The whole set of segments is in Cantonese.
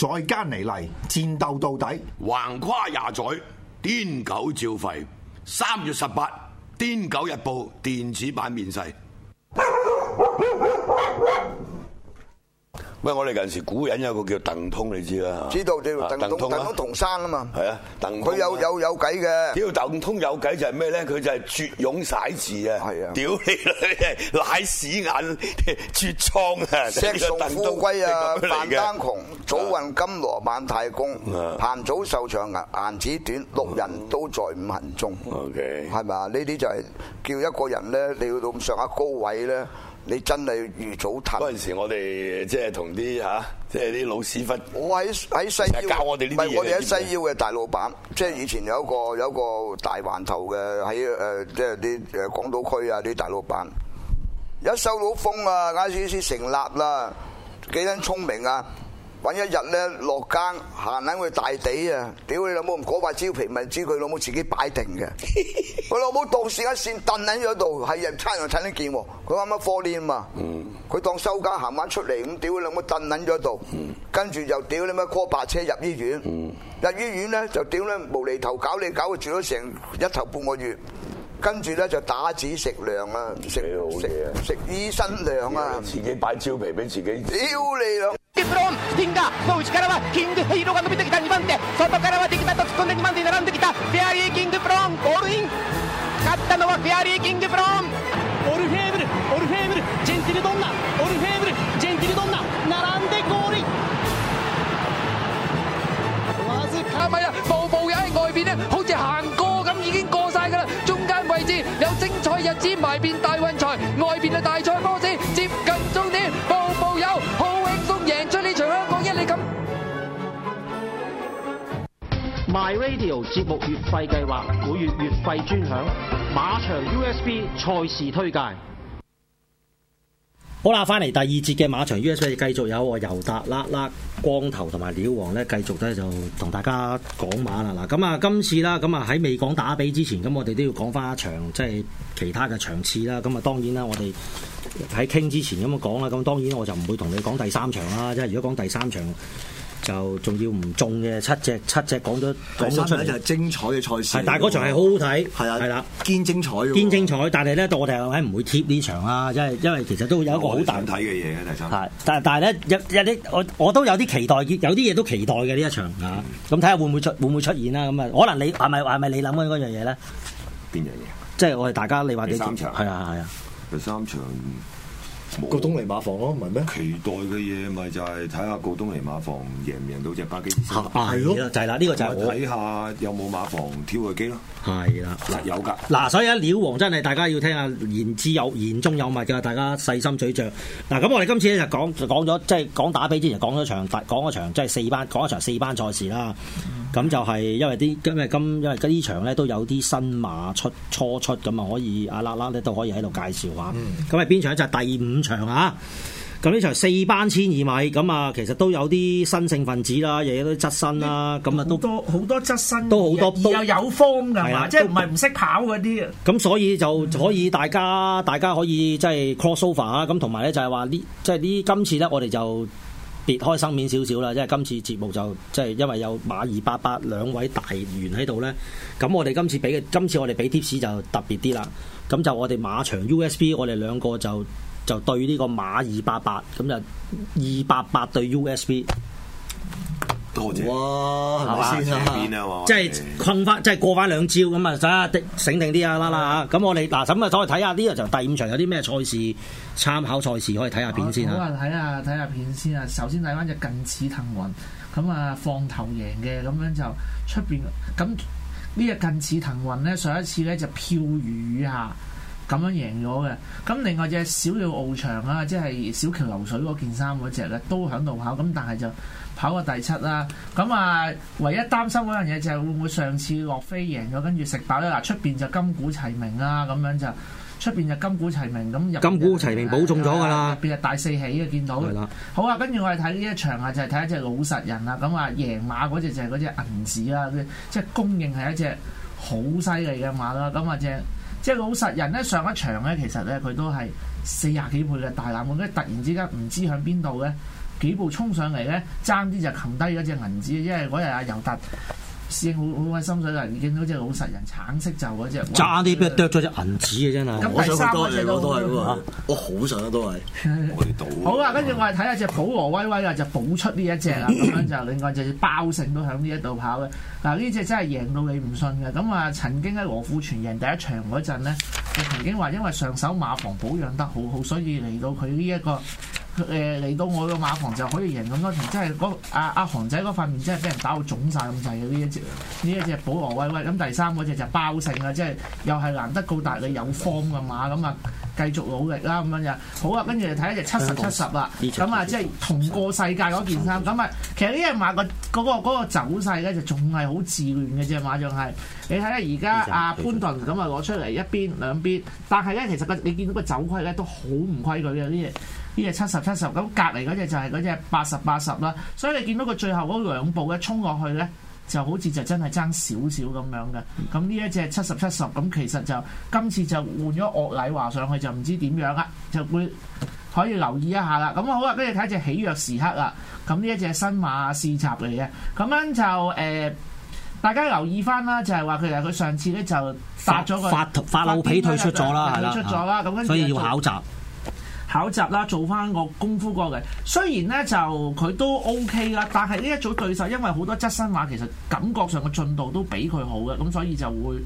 再加嚟嚟，戰鬥到底，橫跨廿載，癲狗照吠。三月十八，癲狗日報電子版面世。喂，我哋近時古人有個叫鄧通，你知啦？知道，知鄧通，鄧通同生啊嘛。係啊，鄧通佢有有有計嘅。屌鄧通有計就係咩咧？佢就係絕勇寫字啊！係啊，屌你啦，瀨屎眼，絕瘡啊！食到富啊，扮單窮。早運金羅萬太公，彭祖壽長顏子短，六人都在五行中，Ok，係咪啊？呢啲就係叫一個人咧，你去到咁上下高位咧，你真係如早騰。嗰陣時我哋即係同啲嚇，即係啲老屎忽。我喺喺西腰教我哋啲嘢。唔係我喺西腰嘅大老闆，即係以前有一個有一個大環頭嘅喺誒，即係啲誒港島區啊啲大老闆，一收到風啊，啱先先成立啦，幾人聰明啊！搵一日咧落更行喺佢大地啊！屌你老母唔嗰把蕉皮，咪知佢老母自己擺定嘅。佢老母當線一線蹲喺嗰度，係人差人睇得見。佢啱啱貨呢嘛？嗯，佢當收更行翻出嚟咁，屌你老母蹲喺嗰度。嗯，跟住就屌你咪 call 白車入醫院。嗯，入醫院咧就屌咧無厘頭搞你搞，佢住咗成一頭半個月。跟住呢就打紙食糧啊，食好嘢啊，食醫生糧啊，自己擺蕉皮俾自己，屌你兩！支埋變大運財，外邊係大賽波子，接近終點，步步有好輕鬆，贏出呢場香港一哩錦。My Radio 節目月費計劃，每月月費專享，馬場 USB 賽事推介。好啦，翻嚟第二節嘅馬場 USB，繼續有我尤達 LakLak、光頭同埋料王呢，繼續呢就同大家講馬啦。嗱，咁啊今次啦，咁啊喺未講打比之前，咁我哋都要講翻一場即係其他嘅場次啦。咁啊，當然啦，我哋喺傾之前咁啊講啦。咁當然我就唔會同你講第三場啦。即係如果講第三場。就仲要唔中嘅七隻七隻講咗講咗出嚟，就係精彩嘅賽事。但係嗰場係好好睇，係啊，係啦，堅精彩，堅精彩。但係咧，我哋係唔會貼呢場啦，因為因為其實都有一個好難睇嘅嘢嘅第三。但係但係咧，有有啲我我都有啲期待，有啲嘢都期待嘅呢一場吓。咁睇下會唔會出會唔會出現啦？咁啊，可能你係咪係咪你諗緊嗰樣嘢咧？邊樣嘢？即係我哋大家，你話第三場係啊係啊，第三場。個告東尼馬房咯，唔係咩？期待嘅嘢咪就係睇下個告東尼馬房贏唔贏到隻巴基蝦？係咯、啊，就係、是、啦，呢、這個就係我睇下有冇馬房挑嘅機咯。係啦的，嗱、啊、有㗎。嗱、啊，所以咧，料王真係大家要聽下言之有言中有物㗎，大家細心咀嚼。嗱、啊，咁我哋今次咧就講講咗，即係講打比之前講咗場，講咗場即係四班，講咗場四班賽事啦。咁就係因為啲，因為今因為呢場咧都有啲新馬出，出初出，咁啊可以阿拉拉咧都可以喺度介紹下。咁啊、嗯、邊場就係第五場啊。咁呢場四班千二米，咁啊其實都有啲新性分子啦，又有啲側身啦，咁啊都多好多側身都好多都又有方㗎嘛，即係唔係唔識跑嗰啲。咁所以就，就可以大家大家可以即係 cross over 啦、啊。咁同埋咧就係話呢，即係呢今次咧我哋就。別開生面少少啦，即係今次節目就即係因為有馬二八八兩位大員喺度呢。咁我哋今次俾嘅，今次我哋俾 tips 就特別啲啦，咁就我哋馬場 USB，我哋兩個就就對呢個馬二八八，咁就二八八對 USB。多謝哇！係嘛，即係困翻，即係過翻兩招咁啊，得醒定啲啊啦啦嚇！咁我哋嗱，咁啊，再睇下呢個就第五場有啲咩賽事參考賽事可以睇下片先啦。好啊，睇下睇下片先啊！首先睇翻隻艮志騰雲咁啊，放頭贏嘅咁樣就出邊咁呢？隻艮志騰雲咧，上一次咧就飄雨啊！咁樣贏咗嘅，咁另外隻小鳥翱翔啊，即係小橋流水嗰件衫嗰隻咧，都喺度跑，咁但係就跑過第七啦。咁啊，唯一擔心嗰樣嘢就係會唔會上次落飛贏咗，跟住食飽咧嗱，出邊就金鼓齊鳴啊，咁樣就出邊就金鼓齊鳴，咁、啊、入金鼓齊、啊、齊、齊鳴保中咗㗎啦。入邊、啊、大四喜嘅，見到。係啦。好啊，跟住我哋睇呢一場啊，就係、是、睇一隻老實人啦。咁啊，贏馬嗰隻就係嗰隻艮志啊，即係公認係一隻好犀利嘅馬啦。咁啊隻。啊啊即係老實人咧，上一場咧，其實咧佢都係四廿幾倍嘅大冷門，跟住突然之間唔知響邊度咧，幾步衝上嚟咧，爭啲就擒低咗隻銀紙，因為嗰日阿尤達。師兄好好有心水啊，見到隻老實人，橙色就嗰隻，揸啲俾人啄咗隻銀紙嘅真係，咁第三個我隻我都係嗰我好想都係， 好啊，跟住我哋睇下隻寶和威威啊，就補出呢一隻啊，咁樣就另外就係包勝都喺呢一度跑嘅，嗱呢隻真係贏到你唔信嘅，咁啊曾經喺羅富全贏第一場嗰陣咧，就曾經話因為上手馬房保養得好好，所以嚟到佢呢一個。誒嚟到我個馬房就可以贏咁多錢，即係阿阿韓仔嗰塊面真係俾人打到腫晒咁滯嘅，呢一隻呢一隻保羅威威，咁第三嗰隻就爆勝啦！即係又係難得高達你有方嘅馬咁啊，繼續努力啦，咁樣就好啊。跟住嚟睇一隻七十七十啦，咁啊即係同個世界嗰件衫咁啊。其實呢一隻馬、嗰個、嗰個、嗰個走勢咧就仲係好自然嘅啫，馬仲係你睇下而家阿潘頓咁啊攞出嚟一邊兩邊，但係咧其實你見到個走規咧都好唔規矩嘅呢隻。呢隻七十七十，咁隔離嗰隻就係嗰隻八十八十啦。所以你見到佢最後嗰兩步嘅衝落去咧，就好似就真係爭少少咁樣嘅。咁呢一隻七十七十，咁其實就今次就換咗岳禮華上去，就唔知點樣啦，就會可以留意一下啦。咁好啊，跟住睇隻喜躍時刻啊。咁呢一隻新馬試閘嚟嘅，咁樣就誒、呃，大家留意翻啦，就係話其實佢上次咧就發咗個發發漏皮退出咗啦，係啦，所以要考閘。考習啦，做翻個功夫過嘅。雖然呢，就佢都 OK 啦，但係呢一組對手因為好多質新馬，其實感覺上嘅進度都比佢好嘅，咁所以就會。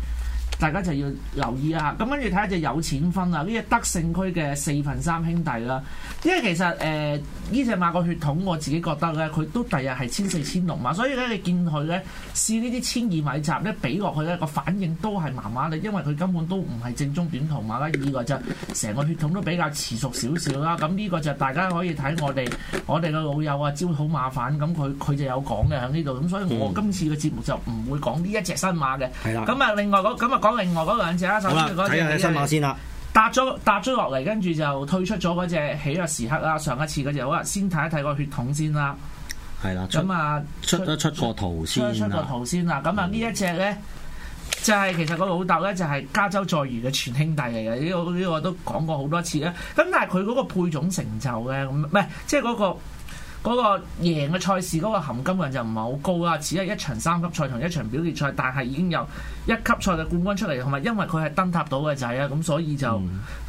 大家就要留意啊！咁跟住睇下隻有錢分啊！呢隻德勝區嘅四分三兄弟啦，因為其實誒呢隻馬個血統，我自己覺得咧，佢都第日係千四千六馬，所以咧你見佢咧試呢啲千二米集咧，俾落去咧個反應都係麻麻地，因為佢根本都唔係正宗短途馬啦，依個就成個血統都比較遲熟少少啦。咁呢個就大家可以睇我哋我哋個老友啊招好麻煩，咁佢佢就有講嘅喺呢度，咁所以我今次嘅節目就唔會講呢一隻新馬嘅。係啦的，咁啊另外嗰咁啊。嗰個講另外嗰兩隻啦，吧首先嗰隻係搭咗搭咗落嚟，跟住就退出咗嗰隻喜悅時刻啦。上一次嗰隻好啦，先睇一睇個血統先啦。係啦的，咁啊那出咗出個出出圖先，出個圖先啦。咁啊呢一隻咧，就係、是、其實個老豆咧就係加州在魚嘅全兄弟嚟嘅。呢、這個呢、這個都講過好多次啦。咁但係佢嗰個配種成就咧，咁唔係即係嗰、那個。嗰個贏嘅賽事嗰個含金量就唔係好高啦，只係一場三級賽同一場表列賽，但係已經有一級賽嘅冠軍出嚟，同埋因為佢係登塔到嘅仔啦，咁所以就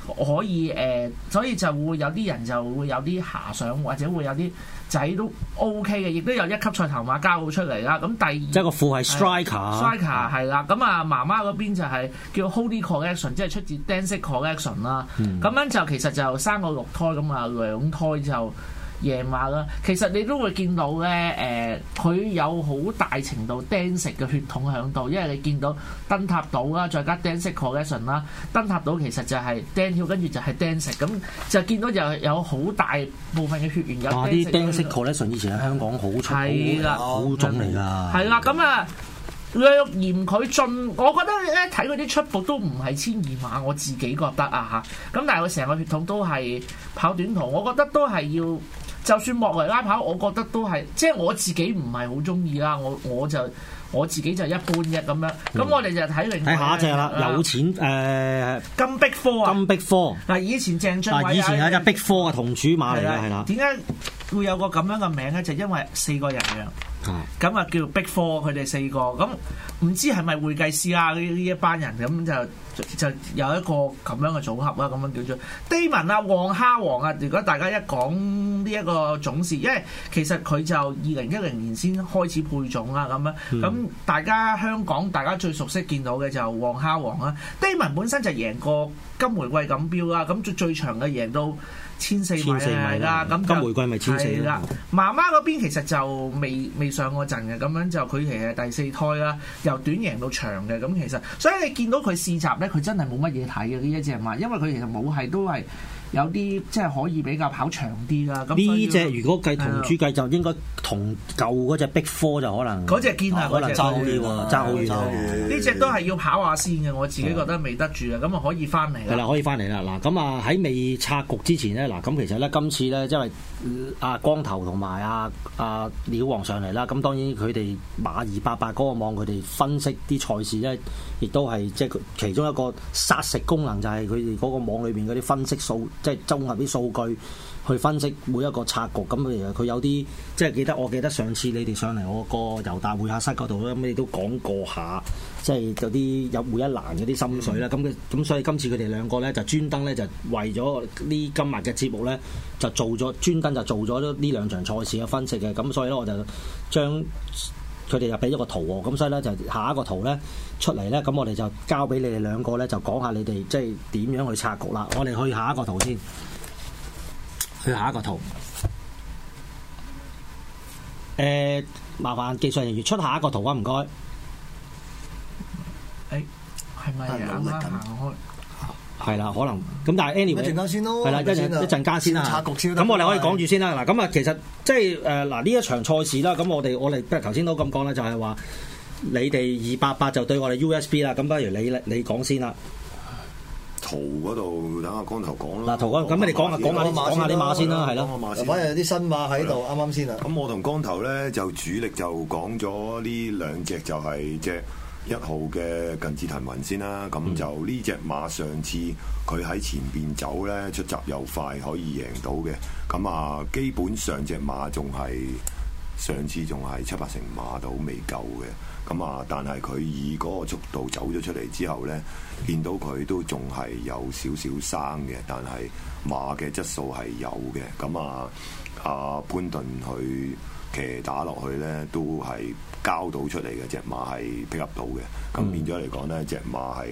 可以誒、嗯呃，所以就會有啲人就會有啲遐想，或者會有啲仔都 OK 嘅，亦都有一級賽頭馬交好出嚟啦。咁第二，即係個父係 Striker，Striker 係啦。咁啊，阿媽媽嗰邊就係叫 Holy collection，即係出自 dance collection 啦、嗯。咁樣就其實就生個六胎咁啊，兩胎就。夜晚啦，其實你都會見到咧，誒、呃，佢有好大程度 Dance 嘅血統喺度，因為你見到燈塔島啦，再加 Dance Collection 啦，燈塔島其實就係 Dance，跟住就係 Dancing 咁，就見到又有好大部分嘅血緣有、啊。啲 Dance Collection 以前喺香港出、嗯、好出，係啦，好種嚟㗎。係啦的，咁啊、嗯嗯，略嫌佢進，我覺得咧睇佢啲出部都唔係千二馬，我自己覺得啊嚇。咁但係佢成個血統都係跑短途，我覺得都係要。就算莫雷拉跑，我覺得都係，即係我自己唔係好中意啦。我我就我自己就一般嘅咁樣。咁我哋就睇另外睇下一隻啦。有錢誒，呃、金碧科金碧科嗱，以前鄭俊偉以前係一隻碧科嘅同主馬嚟嘅，係啦，係嘅。點解？會有個咁樣嘅名咧，就是、因為四個人樣，咁啊、嗯、叫 Big Four 佢哋四個，咁唔知係咪會計師啊呢一班人咁就就有一個咁樣嘅組合啦，咁樣叫做 Demon 啊旺蝦王啊！如果大家一講呢一個種氏，因為其實佢就二零一零年先開始配種啊，咁樣咁大家香港大家最熟悉見到嘅就旺蝦王啦、啊。嗯、Demon 本身就贏過金玫瑰錦標啦，咁最長嘅贏到，千四萬啦，咁、嗯、的金玫瑰咪千四啦。媽媽嗰邊其實就未未上過陣嘅，咁樣就佢其實第四胎啦，由短贏到長嘅，咁其實所以你見到佢試閘咧，佢真係冇乜嘢睇嘅呢一隻馬，因為佢其實冇係都係。都有啲即係可以比較跑長啲啦。咁呢隻如果計同豬計，就應該同舊嗰隻逼科，就可能嗰隻堅下嗰隻爭好遠。呢隻都係要跑下先嘅，我自己覺得未得住啊。咁啊可以翻嚟啦。係啦，可以翻嚟啦。嗱咁啊喺未拆局之前咧，嗱咁其實咧今次咧，因為阿光頭同埋阿阿料王上嚟啦，咁當然佢哋馬二八八嗰個網佢哋分析啲賽事咧，亦都係即係其中一個殺食功能，就係佢哋嗰個網裏邊嗰啲分析數。即係綜合啲數據去分析每一個策局，咁佢有啲即係記得，我記得上次你哋上嚟我個尤達會客室嗰度咧，咁你都講過下，即係有啲有每一欄嗰啲心水啦。咁咁、嗯、所以今次佢哋兩個咧就專登咧就為咗呢今日嘅節目咧就做咗專登就做咗呢兩場賽事嘅分析嘅。咁所以咧我就將。佢哋又俾咗個圖喎，咁所以咧就下一個圖咧出嚟咧，咁我哋就交俾你哋兩個咧，就講下你哋即係點樣去拆局啦。我哋去下一個圖先，去下一個圖。誒、欸，麻煩技術人員出下一個圖啊，唔該。誒，係咪啊？好啦，唔係啦，可能咁，但係 anyway，係啦一陣一陣間先啊！咁我哋可以講住先啦。嗱，咁啊，其實即係誒嗱呢一場賽事啦。咁我哋我哋不如頭先都咁講啦，就係話你哋二八八就對我哋 USB 啦。咁不如你你講先啦。圖嗰度等阿光頭講啦。嗱，圖嗰度咁，你講下講下馬，講下啲馬先啦，係啦。馬有啲新馬喺度，啱啱先啊。咁我同光頭咧就主力就講咗呢兩隻就係隻。一號嘅艮志騰雲先啦，咁就呢隻馬上次佢喺前邊走呢，出閘又快，可以贏到嘅。咁啊，基本上隻馬仲係上次仲係七八成馬到，未夠嘅。咁啊，但係佢以嗰個速度走咗出嚟之後呢，見到佢都仲係有少少生嘅，但係馬嘅質素係有嘅。咁啊，阿、啊、潘頓去騎打落去呢都係交到出嚟嘅隻馬係配合到嘅。咁、嗯、變咗嚟講呢隻馬係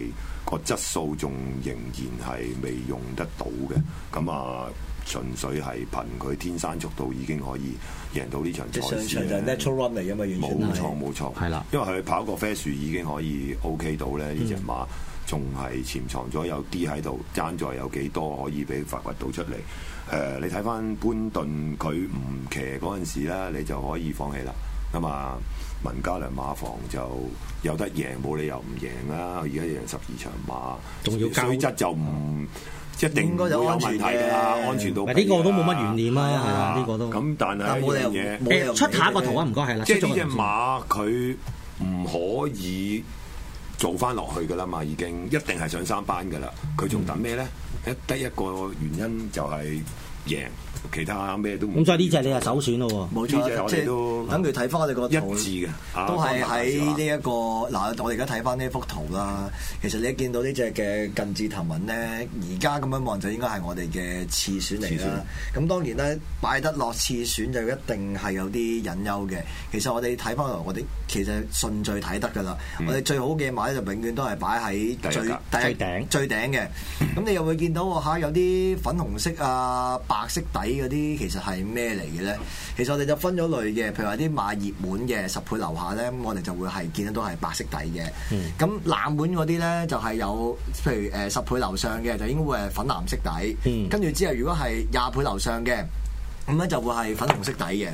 個質素仲仍然係未用得到嘅，咁、嗯、啊，純粹係憑佢天生速度已經可以贏到呢場賽事。上場就 natural run 嚟啊嘛，完全冇錯冇錯，係啦，因為佢跑過啡樹已經可以 OK 到咧，呢隻、嗯、馬仲係潛藏咗有啲喺度，爭在有幾多可以被發掘到出嚟。誒、呃，你睇翻潘頓佢唔騎嗰陣時啦，你就可以放棄啦。咁啊，文家良馬房就有得贏，冇理由唔贏啦！而家贏十二場馬，水質就唔、嗯、一定，應該有安全嘅，安全到。呢個都冇乜懸念啦，係啊是，呢個都咁，但係冇理由，理由出下個圖啊，唔該係啦。即係隻馬佢唔可以做翻落去㗎啦嘛，已經一定係上三班㗎啦。佢仲、嗯、等咩咧？一得一個原因就係贏。其他咩都唔同，咁所以呢隻你係首選咯喎，冇錯，即係等佢睇翻我哋個圖一致嘅，都係喺呢一個嗱，我哋而家睇翻呢幅圖啦。其實你一見到呢隻嘅艮志騰雲咧，而家咁樣望就應該係我哋嘅次選嚟啦。咁當然咧，擺得落次選就一定係有啲隱憂嘅。其實我哋睇翻來，我哋其實順序睇得㗎啦。我哋最好嘅馬就永遠都係擺喺最頂最頂嘅。咁你又會見到吓有啲粉紅色啊，白色底。嗰啲其實係咩嚟嘅呢？其實我哋就分咗類嘅，譬如話啲買熱門嘅十倍樓下呢，我哋就會係見到都係白色底嘅。咁冷門嗰啲呢，就係有譬如誒十倍樓上嘅，就應該會係粉藍色底。跟住之後，如果係廿倍樓上嘅，咁咧就會係粉紅色底嘅。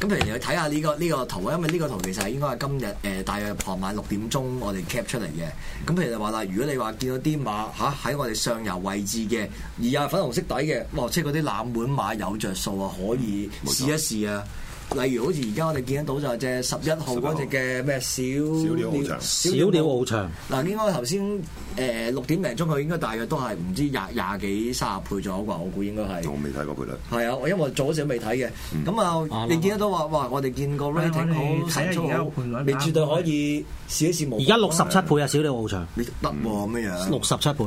咁譬如你睇下呢個呢個圖啊，因為呢個圖其實應該係今日誒、呃、大約傍晚六點鐘我哋 cap 出嚟嘅。咁譬如就話啦，如果你話見到啲馬嚇喺、啊、我哋上游位置嘅，而係粉紅色底嘅，或者嗰啲冷門馬有着數啊，可以試一試、嗯、啊。例如好似而家我哋見得到就係隻十一號嗰隻嘅咩小鳥，小鳥翱翔。嗱，應該頭先誒六點零鐘佢應該大約都係唔知廿廿幾三十倍咗啩，我估應該係。仲未睇過倍率。係啊，我因為早時未睇嘅。咁啊，你見得到話哇，我哋見過 rating 好，睇咗，你絕對可以試一試而家六十七倍啊，小鳥翱翔。你得喎咩嘢？六十七倍。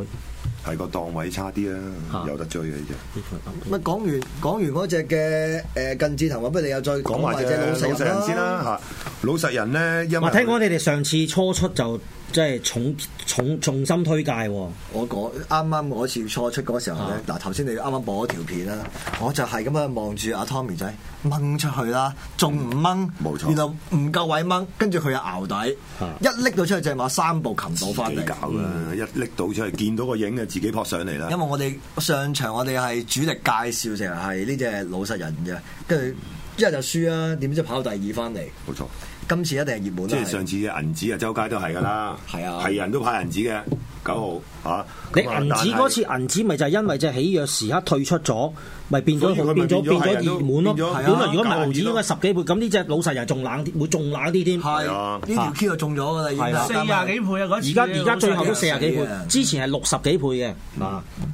係個檔位差啲啦，有得追嘅啫。咪講、啊、完講完嗰隻嘅誒艮字頭，咁不如你又再講埋隻老實人先啦嚇。老實人咧，有冇聽過你哋上次初出就。即係重重重心推介喎，哦！我講啱啱嗰次初出嗰時候咧，嗱頭先你啱啱播嗰條片啦，我就係咁樣望住阿 Tommy 仔掹出去啦，仲唔掹？冇，嗯，錯。然後唔夠位掹，跟住佢又淆底，啊，一拎到出去就係話三步擒到翻嚟。自己搞噶，嗯，一拎到出去見到個影就自己撲上嚟啦。因為我哋上場我哋係主力介紹成日係呢隻老實人啫，跟住一係就輸啊，點知跑到第二翻嚟？冇錯。今次一定係熱門啦！即係上次銀紙啊，周街都係噶啦，係啊，係人都派銀紙嘅九號嚇。你銀紙嗰次銀紙咪就係因為即係起弱時刻退出咗，咪變咗變咗變咗熱門咯。本來如果唔係銀紙應該十幾倍，咁呢隻老實人仲冷啲，會仲冷啲添。係啊，呢條橋就中咗噶啦，要四廿幾倍啊！而家而家最後都四廿幾倍，之前係六十幾倍嘅。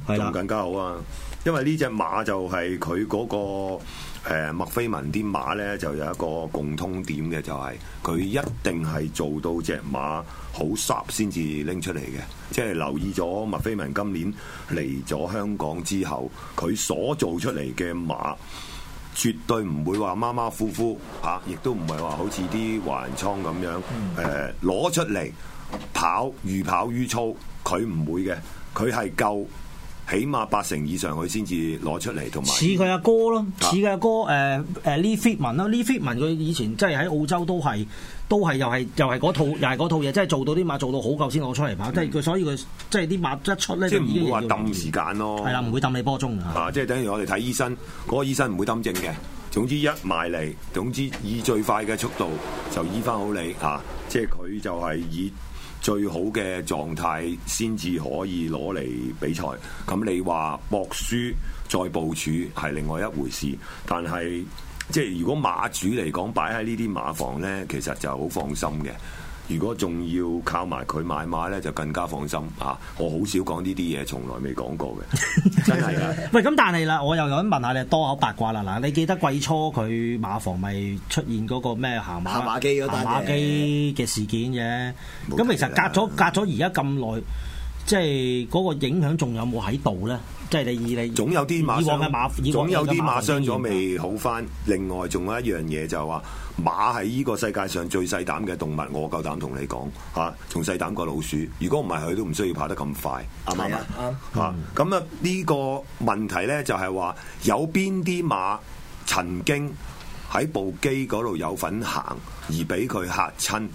嗱，仲更加好啊，因為呢隻馬就係佢嗰個。誒，麥非文啲馬呢，就有一個共通點嘅，就係、是、佢一定係做到隻馬好 sharp 先至拎出嚟嘅。即係留意咗麥非文今年嚟咗香港之後，佢所做出嚟嘅馬絕對唔會話馬馬虎虎嚇，亦、啊、都唔係話好似啲華人倉咁樣誒攞、啊、出嚟跑，跑如跑於粗，佢唔會嘅，佢係夠。起碼八成以上佢先至攞出嚟，同埋似佢阿哥咯，似佢阿哥誒誒 Lee Freedman 咯，Lee Freedman 佢以前即係喺澳洲都係都係又係又係嗰套又係嗰套嘢，即係做到啲馬做到好夠先攞出嚟跑，即係佢所以佢即係啲馬一出咧，即係唔會話揼時間咯，係啦，唔會揼你波鐘啊，即係等於我哋睇醫生，嗰個醫生唔會揼症嘅，總之一埋嚟，總之以最快嘅速度就醫翻好你嚇、啊，即係佢就係以。最好嘅狀態先至可以攞嚟比賽，咁你話搏輸再部署係另外一回事。但係即係如果馬主嚟講擺喺呢啲馬房呢，其實就好放心嘅。如果仲要靠埋佢買馬咧，就更加放心嚇、啊。我好少講呢啲嘢，從來未講過嘅， 真係啊嗎！ 喂，咁但係啦，我又想問下你多口八卦啦。嗱，你記得季初佢馬房咪出現嗰個咩行馬機、馬機嘅事件嘅？咁其實隔咗隔咗而家咁耐。即係嗰個影響仲有冇喺度咧？即係你二你總有啲馬,馬，以往嘅馬,馬，以往嘅馬傷咗未好翻。另外仲有一樣嘢就係話馬係依個世界上最細膽嘅動物，我夠膽同你講吓，仲、啊、細膽過老鼠。如果唔係佢都唔需要跑得咁快，啱唔啱啊？咁啊呢個問題咧就係話有邊啲馬曾經喺部機嗰度有份行，而俾佢嚇親，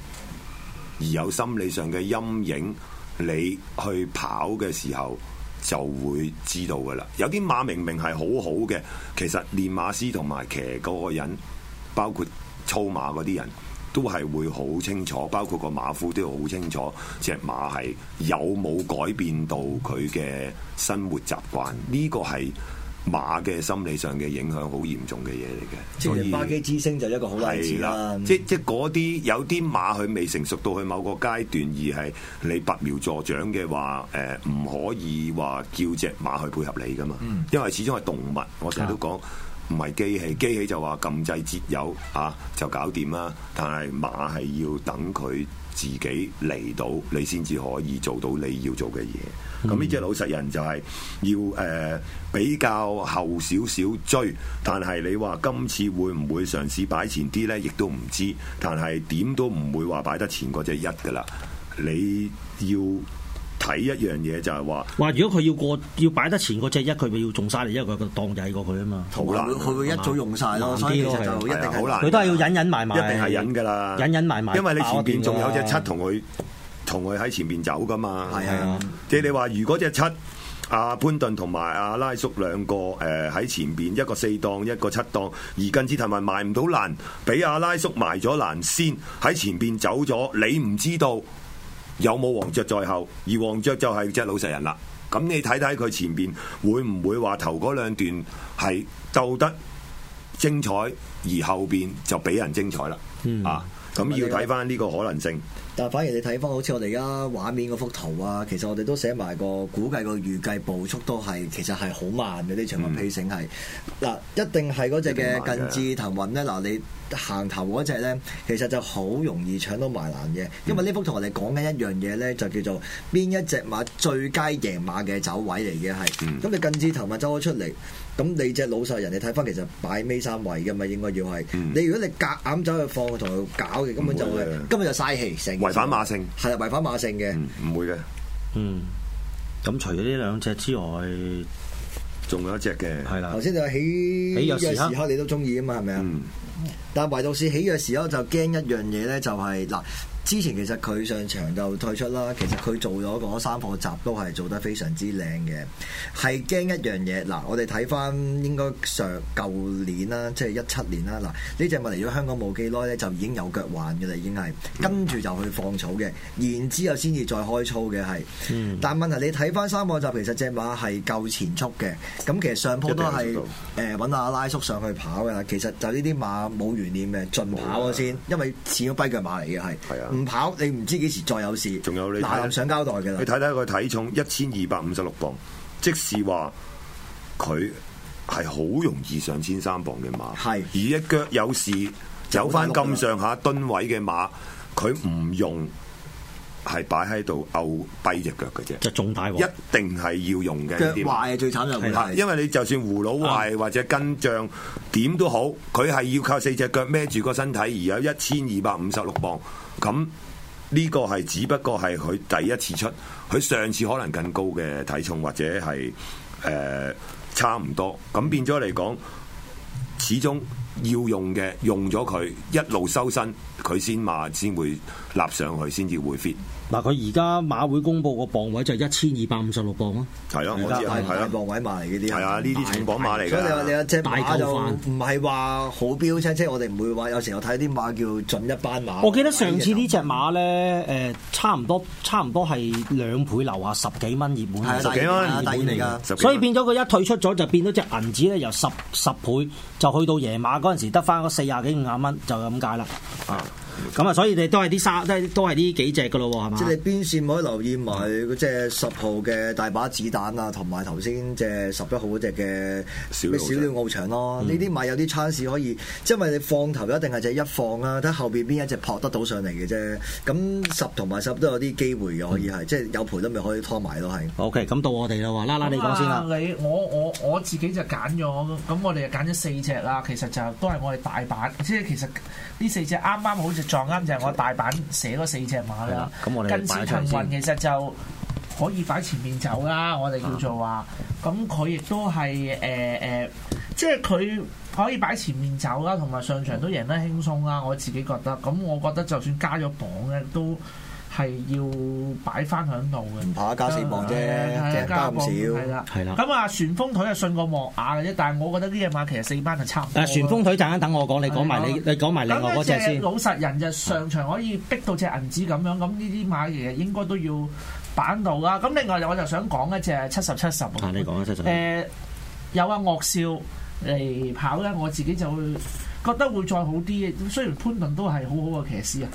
而有心理上嘅陰影。你去跑嘅時候就會知道噶啦，有啲馬明明係好好嘅，其實練馬師同埋騎嗰個人，包括操馬嗰啲人都係會好清楚，包括個馬夫都要好清楚，隻馬係有冇改變到佢嘅生活習慣，呢、這個係。馬嘅心理上嘅影響好嚴重嘅嘢嚟嘅，即係巴基之星就係一個好例子啦。即即嗰啲有啲馬佢未成熟到去某個階段，而係你拔苗助長嘅話，誒、呃、唔可以話叫隻馬去配合你噶嘛？嗯、因為始終係動物，我成日都講唔係機器，機器就話禁制節有，嚇、啊、就搞掂啦。但係馬係要等佢自己嚟到，你先至可以做到你要做嘅嘢。咁呢隻老實人就係要誒比較後少少追，但係你話今次會唔會嘗試擺前啲咧？亦都唔知。但係點都唔會話擺得前嗰隻一噶啦。你要睇一樣嘢就係話，話如果佢要過，要擺得前嗰隻一，佢咪要中晒嚟，因為佢個檔矮過佢啊嘛。好難，佢會一早用晒咯，所以就一定好難。佢都係要隱隱埋埋，一定係隱噶啦，隱隱埋埋。因為你前邊仲有隻七同佢。同佢喺前邊走噶嘛？係啊，即係你話如果隻七阿潘頓同埋阿拉叔兩個誒喺、呃、前邊，一個四檔，一個七檔，而艮志騰雲埋埋唔到欄，俾阿拉叔埋咗欄先喺前邊走咗，你唔知道有冇黃雀在後，而黃雀就係隻老實人啦。咁你睇睇佢前邊會唔會話頭嗰兩段係鬥得精彩，而後邊就俾人精彩啦。嗯、啊，咁要睇翻呢個可能性。但反而你睇翻好似我哋而家畫面嗰幅圖啊，其實我哋都寫埋個估計個預計步速都係其實係好慢嘅，呢場馬披勝係。嗱，一定係嗰隻嘅艮志騰，騰雲呢。嗱，你行頭嗰隻呢，其實就好容易搶到埋欄嘅，嗯、因為呢幅圖我哋講緊一樣嘢呢，就叫做邊一隻馬最佳贏馬嘅走位嚟嘅係。咁、嗯、你艮志騰馬走咗出嚟，咁你隻老實人你睇翻其實擺尾三圍嘅嘛，應該要係你、嗯、如果你夾硬走去放同佢搞嘅，根本，本就係根本就嘥氣成。違反馬性係，違反馬性嘅，唔會嘅，嗯。嗯，咁除咗呢兩隻之外，仲有一隻嘅，係啦。頭先就起起嘅時候，你都中意啊嘛，係咪啊？但係維道士起嘅時候就驚一樣嘢咧，就係嗱。之前其實佢上場就退出啦，其實佢做咗嗰三課集都係做得非常之靚嘅，係驚一樣嘢嗱，我哋睇翻應該上舊年啦，即係一七年啦，嗱呢隻馬嚟咗香港冇幾耐呢，就已經有腳患嘅啦，已經係跟住就去放草嘅，然之後先至再開操嘅係，但問題你睇翻三課集，其實隻馬係夠前速嘅，咁其實上鋪都係誒揾馬拉叔上去跑嘅，其實就呢啲馬冇懸念嘅，盡跑先，嗯、因為似咗跛腳馬嚟嘅係。唔跑，你唔知幾時再有事。仲有你唔想交代嘅啦。你睇睇佢體重一千二百五十六磅，即使話佢係好容易上千三磅嘅馬，係是而一腳有事，走翻咁上下噸位嘅馬，佢唔用。係擺喺度拗跛隻腳嘅啫，就重大一定係要用嘅。腳壞就樣最慘就係，的因為你就算葫蘆壞或者筋脹點都好，佢係的要靠四隻腳孭住個身體，而有一千二百五十六磅。咁呢個係只不過係佢第一次出，佢上次可能更高嘅體重或者係誒、呃、差唔多。咁變咗嚟講，始終要用嘅，用咗佢一路修身，佢先慢先會。立上去先至會 fit。嗱，佢而家馬會公佈個磅位就係一千二百五十六磅啊。係啊，我知啊，係啊，磅位買嗰啲係啊，呢啲重磅碼嚟。所以你話呢隻馬就唔係話好標青，即係我哋唔會話有時候睇啲馬叫準一班馬。我記得上次呢隻馬咧，誒，差唔多差唔多係兩倍留下十幾蚊熱門，十幾蚊嚟㗎。所以變咗佢一退出咗，就變咗隻銀紙咧，由十十倍就去到夜馬嗰陣時得翻個四廿幾五廿蚊，就咁解啦。啊！咁啊，所以你都係啲沙，都係都係啲幾隻噶咯喎，係嘛？即係邊線可以留意埋嗰隻十號嘅大把子彈啊，同埋頭先隻十一號嗰隻嘅小鳥奧翔咯。呢啲咪有啲餐 h 可以，即因為你放頭一定係隻一放啦，睇後邊邊一隻撲得到上嚟嘅啫。咁十同埋十都有啲機會嘅，可以係，即係、嗯、有賠都咪可以拖埋咯，係 Okay,。O K，咁到我哋啦喎，拉拉你講先啦。你我我我自己就揀咗，咁我哋就揀咗四隻啦。其實就都係我哋大板，即、就、係、是、其實呢四隻啱啱好似。撞啱就係我大版寫咗四隻馬啦，艮志、嗯、騰雲其實就可以擺前面走啦。我哋叫做話，咁佢亦都係誒誒，即係佢可以擺前面走啦，同埋上場都贏得輕鬆啦。我自己覺得，咁我覺得就算加咗榜咧都。係要擺翻響度嘅，唔啊，加少冇啫，加唔少，係啦，係啦的。咁啊的，旋風腿啊，信個磨牙嘅啫，但係我覺得呢隻馬其實四班就差唔多。啊，旋風腿陣間等我講，你講埋你，的你講埋另外嗰隻先。老實人就上場可以逼到隻銀紙咁樣，咁呢啲馬其實應該都要板到啦。咁另外我就想講一隻七十七十。啊，你講七十七十。有啊，樂少嚟跑咧，我自己就會，覺得會再好啲嘅，雖然潘頓都係好好個騎師。啊。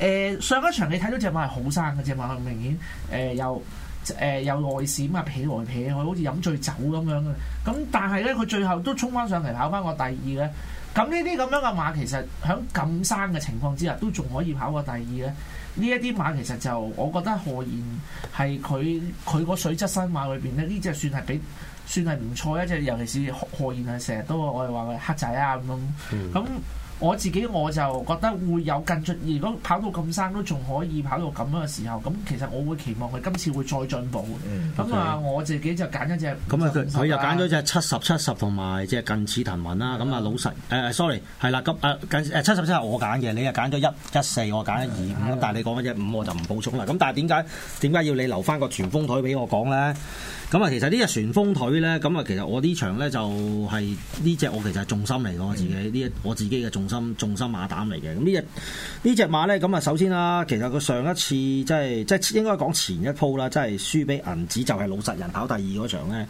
誒，上一場你睇到隻馬係好生嘅隻馬，明顯誒、呃呃、有誒、呃、有內閃啊，撇來撇去，好似飲醉酒咁樣嘅。咁但係咧，佢最後都衝翻上嚟跑翻個第二嘅。咁呢啲咁樣嘅馬，其實喺咁生嘅情況之下，都仲可以跑過第二嘅。呢一啲馬其實就我覺得何然係佢佢個水質新馬裏邊咧，呢隻算係比。算係唔錯一隻，尤其是何何然係成日都我哋話佢黑仔啊，咁咁我自己我就覺得會有更進，如果跑到咁生都仲可以跑到咁樣嘅時候，咁其實我會期望佢今次會再進步。咁啊、嗯，我自己就揀一隻。咁啊，佢佢又揀咗隻七十七十同埋即係艮志騰雲啦。咁啊，老實誒，sorry，係啦，咁啊近七十七十係我揀嘅，你又揀咗一一四，我揀二五，但係你講隻五我就唔補充啦。咁但係點解點解要你留翻個傳風台俾我講咧？咁啊，其實呢隻旋風腿呢，咁啊，其實我呢場呢、就是，就係呢隻我其實係重心嚟嘅、嗯，我自己呢我自己嘅重心重心馬膽嚟嘅。咁呢隻呢隻馬呢，咁啊，首先啦，其實佢上一次即係即應該講前一鋪啦，即係輸俾銀紙就係、是、老實人跑第二嗰場咧。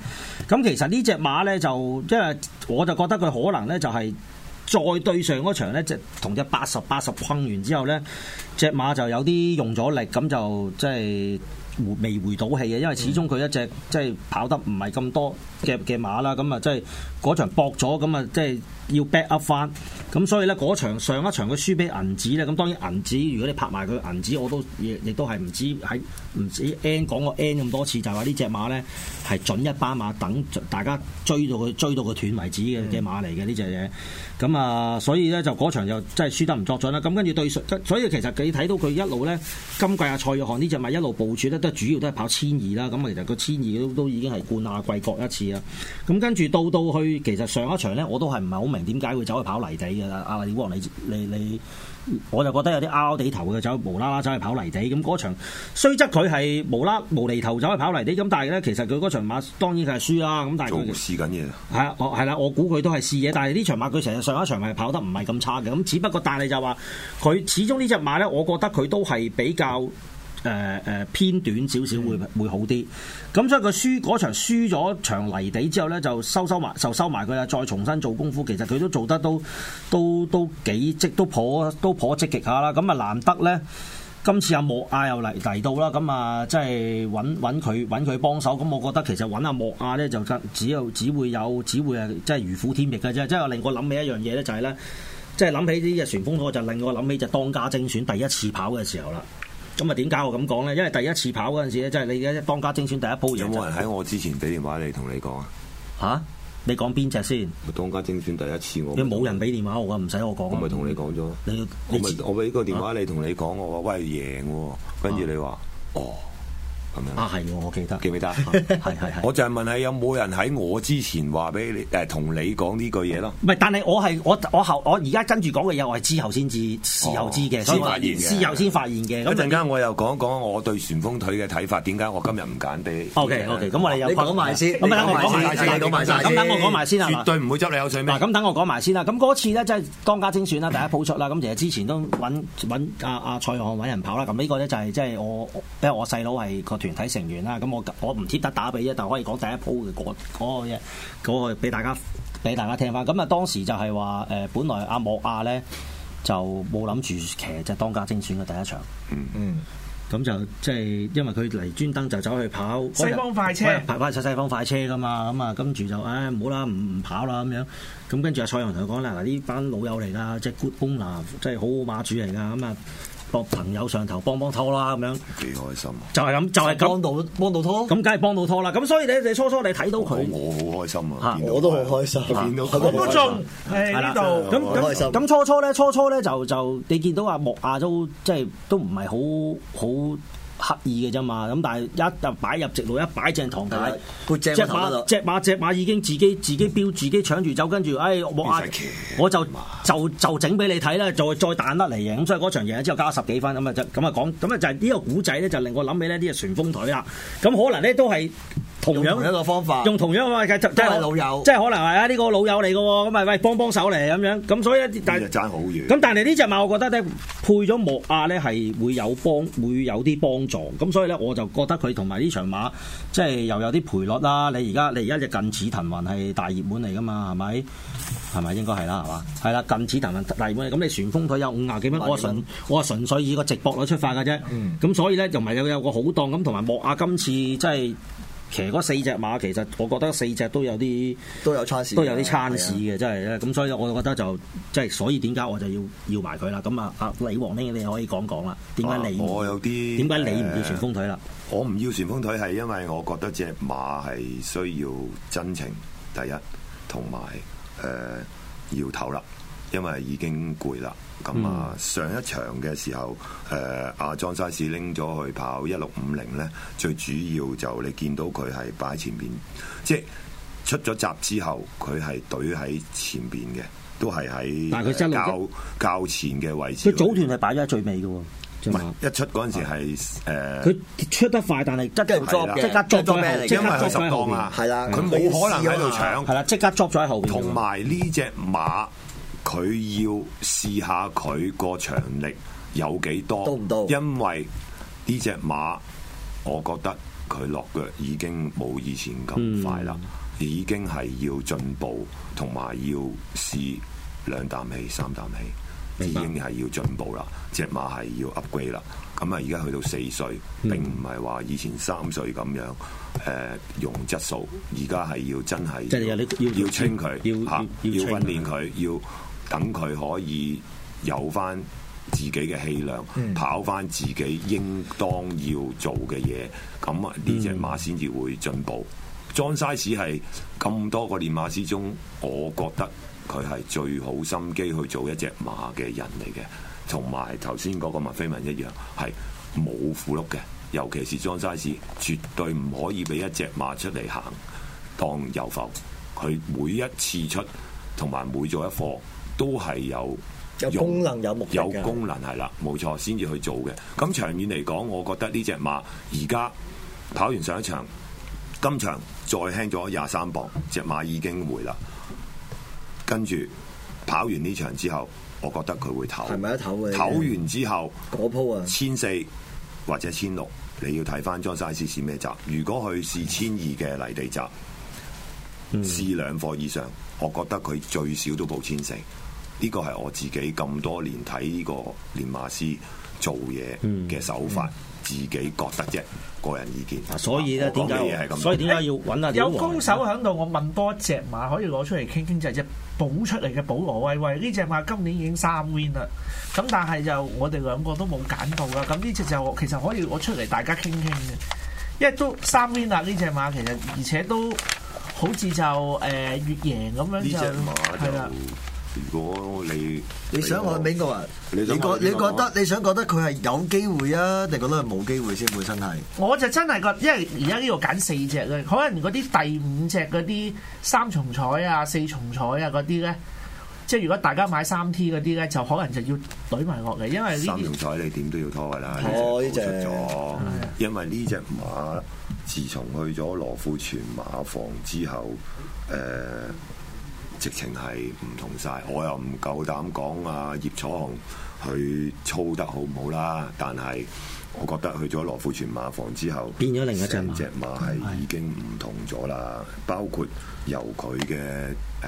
咁其實呢隻馬呢，就，因為我就覺得佢可能呢，就係再對上嗰場咧，即同隻七十七十碰完之後呢，隻馬就有啲用咗力，咁就即係。未回到氣嘅，因為始終佢一隻、嗯、即係跑得唔係咁多嘅嘅馬啦，咁啊即係嗰場搏咗，咁啊即係。要 back up 翻，咁所以咧嗰場上一場佢輸俾銀紙咧，咁當然銀紙如果你拍埋佢銀紙我都亦亦都係唔知，喺唔止 N 講過 N 咁多次，就話呢隻馬咧係准一巴馬等大家追到佢追到佢斷為止嘅隻馬嚟嘅，呢隻嘢。咁啊，所以咧就嗰場又真係輸得唔作準啦。咁跟住對，所以其實你睇到佢一路咧今季阿蔡約翰呢隻馬一路部署咧都主要都係跑千二啦。咁其實個千二都都已經係冠亞季各一次啦。咁跟住到到去其實上一場咧我都係唔係好點解會走去跑泥地嘅啦？阿李皇，你你你，我就覺得有啲拗地頭嘅走，無啦啦走去跑泥地。咁嗰場，雖則佢係無啦無厘頭走去跑泥地，咁但係咧，其實佢嗰場馬當然係輸啦。咁但係佢試緊嘢，係啊，我係啦，我估佢都係試嘢。但係呢場馬，佢成日上一場係跑得唔係咁差嘅。咁只不過，但係就話佢始終呢隻馬咧，我覺得佢都係比較。誒誒偏短少少會會好啲，咁所以佢輸嗰場輸咗場泥地之後呢，就收收埋就收埋佢啦，再重新做功夫，其實佢都做得都都都幾積都頗都頗積極下啦。咁啊，難得呢，今次阿莫亞又嚟嚟到啦，咁啊，即係揾揾佢揾佢幫手。咁我覺得其實揾阿莫亞呢，就只有只會有只會係即係如虎添翼嘅啫。即係令我諗起一樣嘢呢，就係呢，即係諗起啲嘅旋風組，就令我諗起就當家精選第一次跑嘅時候啦。咁啊，點解我咁講咧？因為第一次跑嗰陣時咧，即係你而家當家精選第一鋪贏。有冇人喺我之前俾電話你同你講啊？吓、啊，你講邊隻先？當家精選第一次我因冇人俾電話我啊，唔使我講。我咪同你講咗。你我咪我俾個電話你同你講，我話喂贏，跟住你話哦。啊，係，我記得，記唔記得？係係係，我就係問下有冇人喺我之前話俾你誒，同你講呢句嘢咯？唔係，但係我係我我後我而家跟住講嘅嘢，我係之後先至，事後知嘅，先發現嘅，事後先發現嘅。一陣間我又講一講我對旋風腿嘅睇法，點解我今日唔揀俾你？OK OK，咁我哋又講埋先，咁等我講埋先，咁等我講埋先，絕對唔會執你口水，咁等我講埋先啦。咁嗰次呢，即係當家精選啦，第一鋪出啦。咁其實之前都揾阿阿蔡昂揾人跑啦。咁呢個咧就係即係我，俾我細佬係個。團體成員啦，咁我我唔貼得打俾啫，但可以講第一鋪嘅嗰個嘢，嗰個俾大家俾大家聽翻。咁啊，當時就係話誒，本來阿莫亞咧就冇諗住騎即係當家精選嘅第一場。嗯嗯，咁、嗯、就即係因為佢嚟專登就走去跑西方快車，哎、跑翻晒西西方快車噶嘛。咁啊，跟住就唉，唔好啦，唔唔跑啦咁樣。咁、哎、跟住阿蔡陽同佢講啦，嗱，呢班老友嚟噶，即係 good owner，即係好馬主嚟噶，咁啊。博朋友上頭幫幫拖啦咁樣，幾開心啊！就係咁，就係咁幫到幫到拖，咁梗係幫到拖啦。咁所以你你初初你睇到佢，我好開心啊！我都好開心，我都中。係呢度咁咁初初咧，初初咧就就你見到阿莫亞都即係都唔係好好。刻意嘅啫嘛，咁但係一就擺入直路一擺正堂仔，隻馬隻馬隻馬已經自己自己標自己搶住走，跟住誒望下我就就就整俾你睇啦，再再彈得嚟嘅，咁所以嗰場贏之後加十幾分咁啊，就咁啊講，咁啊就係呢個古仔咧，就令我諗起呢啲啊旋風腿啊，咁可能咧都係。同樣一個方法，用同樣方法，即係老友，即係可能係啊！呢、這個老友嚟嘅喎，咁咪喂幫幫手嚟咁樣，咁所以一啲但係爭好遠。咁但係呢隻馬，我覺得咧配咗莫亞咧係會有幫，會有啲幫助。咁所以咧，我就覺得佢同埋呢場馬即係又有啲賠率啦。你而家你而家隻艮志騰雲係大熱門嚟嘅嘛？係咪係咪應該係啦？係嘛？係啦，艮志騰雲大熱門。咁你旋風佢有五廿幾蚊，我純我純粹以個直播率出發嘅啫。咁、嗯、所以咧，又咪有有個好檔咁，同埋莫亞今次即係。真其實嗰四隻馬，其實我覺得四隻都有啲都有差事，都有啲差事嘅，的真係咧。咁的所以，我就覺得就即係、就是、所以點解我就要要埋佢啦。咁啊，阿李王咧，你可以講講啦，點解你？我有啲點解你唔要旋風腿啦、呃？我唔要旋風腿係因為我覺得隻馬係需要真情第一，同埋誒搖頭啦。呃因為已經攰啦，咁啊上一場嘅時候，誒阿莊西士拎咗去跑一六五零咧，最主要就你見到佢係擺喺前邊，即係出咗閘之後，佢係隊喺前邊嘅，都係喺較較前嘅位置。佢組團係擺咗喺最尾嘅喎，一出嗰陣時係佢出得快，但係即刻捉嘅，捉咩嚟？因為捉喺後面，係啦，佢冇可能喺度搶，係啦，即刻捉咗喺後面。同埋呢隻馬。佢要試下佢個長力有幾多？到唔到？因為呢隻馬，我覺得佢落腳已經冇以前咁快啦，已經係要進步，同埋要試兩啖氣、三啖氣，已經係要進步啦。隻馬係要 upgrade 啦。咁啊，而家去到四歲，並唔係話以前三歲咁樣誒，用質素而家係要真係，要要清佢，要要訓練佢要。等佢可以有翻自己嘅氣量，嗯、跑翻自己應當要做嘅嘢，咁啊，呢隻馬先至會進步。莊沙士係咁多個練馬師中，我覺得佢係最好心機去做一隻馬嘅人嚟嘅。同埋頭先嗰個麥菲文一樣，係冇符碌嘅。尤其是莊沙士，絕對唔可以俾一隻馬出嚟行當遊浮。佢每一次出同埋每做一課。都係有有功能，有目的，有功能係啦，冇錯先至去做嘅。咁長遠嚟講，我覺得呢隻馬而家跑完上一場，今場再輕咗廿三磅，隻馬已經回啦。跟住跑完呢場之後，我覺得佢會唞。係咪一唞嘅？唞完之後，嗰鋪啊，千四或者千六，你要睇翻張 size 試咩閘。如果佢試千二嘅泥地閘，試兩課以上，我覺得佢最少都報千四。呢個係我自己咁多年睇呢個練馬師做嘢嘅手法，嗯、自己覺得啫，個人意見。所以咧，點解？所以點解要揾啊？有高手喺度，我問多一隻馬可以攞出嚟傾傾，就係隻補出嚟嘅保羅威威，呢隻馬今年已經三 win 啦。咁但係就我哋兩個都冇揀到啦。咁呢隻就其實可以攞出嚟大家傾傾嘅，因為都三 win 啦。呢隻馬其實而且都好似就誒、呃、越贏咁樣就係啦。如果你你想我點講啊？你覺、啊、你覺得你想覺得佢係有機會啊，定覺得係冇機會先？本身係我就真係覺，因為而家呢度揀四隻咧，可能嗰啲第五隻嗰啲三重彩啊、四重彩啊嗰啲咧，即係如果大家買三 T 嗰啲咧，就可能就要懟埋落嚟，因為呢三重彩你點都要拖㗎啦。哦，呢隻因為呢隻馬自從去咗羅富全馬房之後，誒、呃。直情係唔同晒，我又唔夠膽講啊，葉楚航佢操得好唔好啦，但係我覺得去咗羅富全馬房之後，變咗另一隻馬，係已經唔同咗啦，包括。由佢嘅誒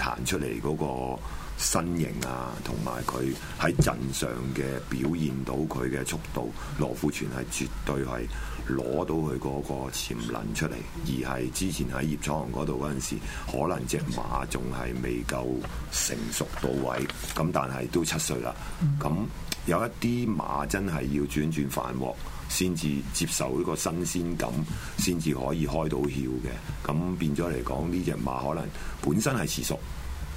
殘出嚟嗰個身形啊，同埋佢喺陣上嘅表現到佢嘅速度，羅富全係絕對係攞到佢嗰個潛能出嚟，而係之前喺葉楚航嗰度嗰陣時，可能隻馬仲係未夠成熟到位，咁但係都七歲啦，咁有一啲馬真係要轉轉飯鑊。先至接受呢個新鮮感，先至可以開到竅嘅。咁變咗嚟講，呢隻馬可能本身係遲熟，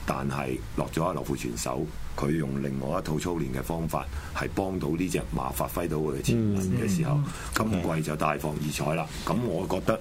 但係落咗阿羅富全手，佢用另外一套操練嘅方法，係幫到呢隻馬發揮到佢嘅潛能嘅時候，mm hmm. 今季就大放異彩啦。咁 Okay. 我覺得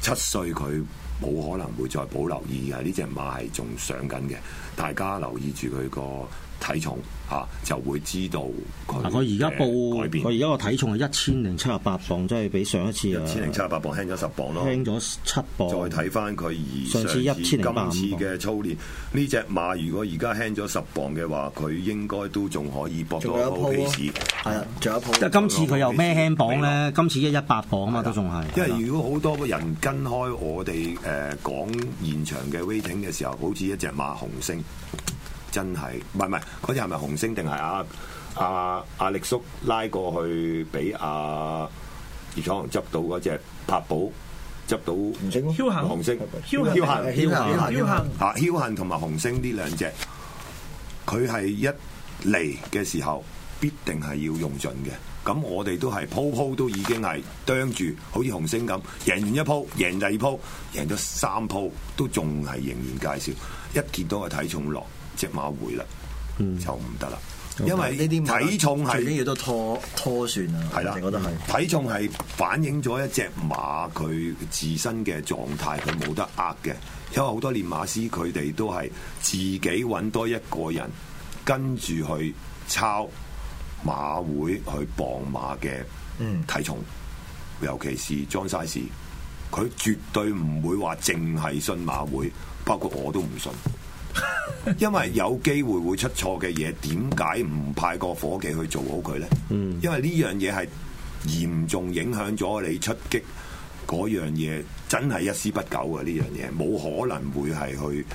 七歲佢冇可能會再保留意，意係呢隻馬係仲上緊嘅。大家留意住佢個體重嚇、啊、就會知道嗱，佢而家報佢而家個體重係一千零七十八磅，即係比上一次一千零七十八磅輕咗十磅咯，輕咗七磅。再睇返佢而上次一千零今次嘅操練，呢隻馬如果而家輕咗十磅嘅話，佢應該都仲可以搏到好起始。係啊，仲試、嗯、有鋪，因為今次佢又咩輕磅咧？今次一一八磅啊嘛，都仲係。因為如果好多個人跟開我哋誒講現場嘅 waiting 嘅時候，好似一隻馬紅星。真係唔係，唔係嗰隻，係咪紅星，定係阿阿阿力叔拉過去俾阿葉楚雄執到嗰隻拍寶執到僥倖，僥倖，僥倖，僥倖，僥倖，僥倖同埋紅星呢兩隻，佢係一嚟嘅時候必定係要用盡嘅。咁我哋都係鋪鋪都已經係啄住，好似紅星咁，贏完一鋪贏第二鋪，贏咗三鋪都仲係仍然介紹。一見到佢個體重落。只馬會啦，嗯、就唔的得啦，因為呢啲體重係最緊要都拖拖算啦。係啦，我覺得係體重係反映咗一隻馬佢自身嘅狀態，佢冇得呃嘅，因為好多練馬師佢哋都係自己搵多一個人跟住去抄馬會去磅馬嘅體重，嗯、尤其是 John Size，佢絕對唔會話淨係信馬會，包括我都唔信。 因為有機會會出錯嘅嘢，點解唔派個伙計去做好佢呢？因為呢樣嘢係嚴重影響咗你出擊嗰樣嘢，真係一絲不苟啊！呢樣嘢冇可能會係去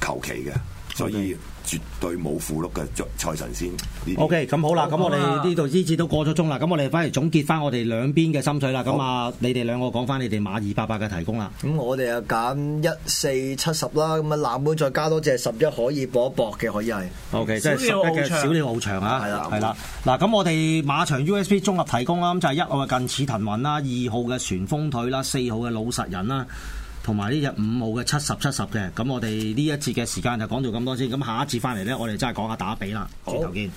求其嘅，所以。Okay. 絕對冇符碌嘅賽神先。O K，咁好啦，咁我哋呢度呢次都過咗鐘啦，咁我哋翻嚟總結翻我哋兩邊嘅心水啦。咁啊，你哋兩個講翻你哋馬二八八嘅提供啦。咁我哋啊揀一四七十啦，咁啊冷門再加多隻十一可以搏一搏嘅可以係。O K，即係十一嘅少料傲長、嗯、啊，係啦，係啦。嗱啦，咁我哋馬場 U S B 綜合提供啦，咁就係、是、一號艮志騰雲啦，二號嘅旋風腿啦，四號嘅老實人啦。同埋呢隻五號嘅七十七十嘅，咁我哋呢一節嘅時間就講到咁多先，咁下一節翻嚟呢，我哋真係講下打比啦，轉頭好見。